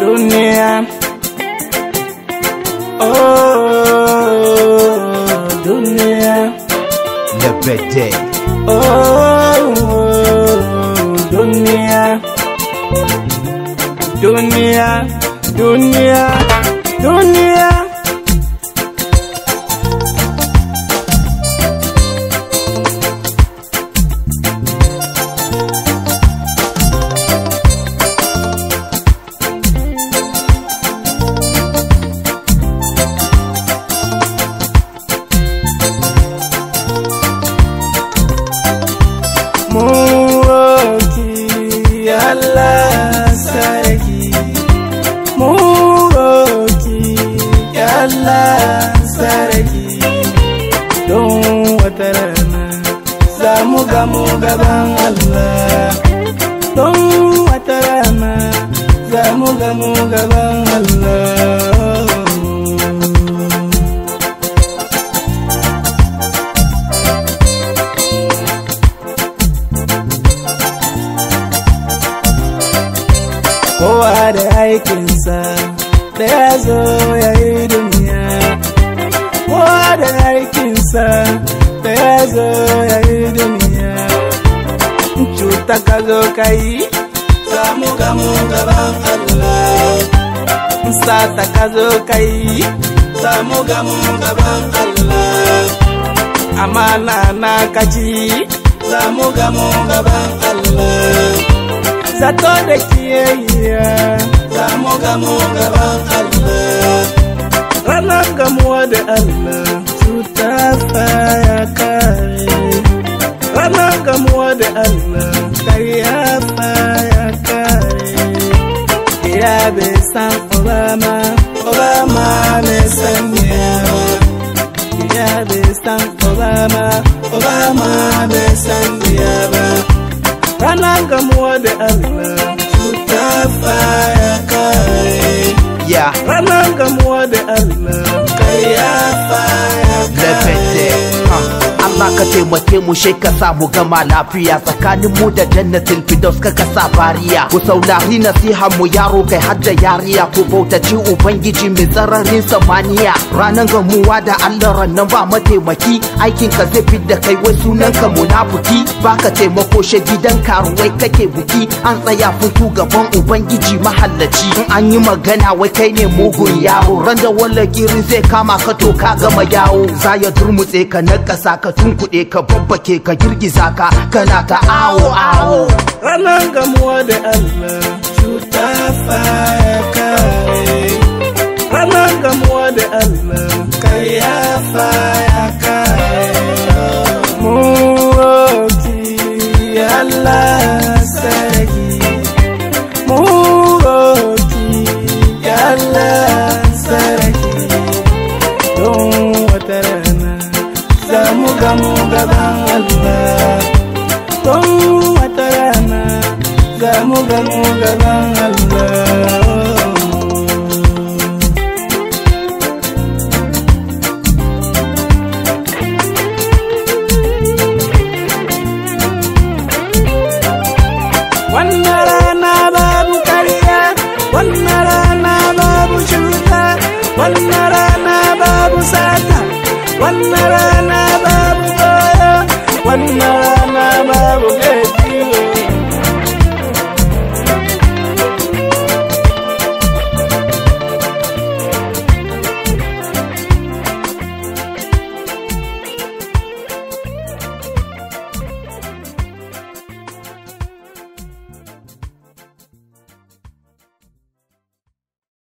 dunia oh dunia lebede oh dunia dunia dunia dunia Allah sarki mu roki Allah sarki don wata rana za mu gamu gaban Allah don wata rana za mu gamu gaban Allah aikensa dayazo yaiduniya wada aikensa dayazo yaiduniya ncutakazokai samugamugabaala nsatakazokai samugamugabaala amananakaci samugamugabaala zatodekieia yeah. samu gamu gaban Allah ranar gamuwa Allah cuta ya kare ranar Allah karya ya kare ya bai Obama Obama bai san Obama ya Obama Obama bai san Obama ranar Allah ka taimake mu shai ka sa mu gama lafiya tsakanin mu da jannatin fidos ka ka sa bariya ku saurari nasiha mu yaro kai har da yariya ku bautaci ubangiji mai tsararin samaniya ranan gamuwa da allah rannan ba mataimaki aikin ka zai fi da kai wai sunan ka munafuki ba ka taimako shi gidan karuwai kake buki an tsaya fito gaban ubangiji mahallaci in an yi magana wai kai ne mugun yaro ran da wallagiri zai kama ka to ka gama yawo za ya turmutse ka na ƙasa ka tunku tunkuɗe ka babbake ka girgiza ka kana ta awo awo ranar gamuwa da allah cuta fa ya kare ranar gamuwa da allah kai ya fa ya kare muroti allah allah sarki gamu gaban Allah don wata rana gamu gaban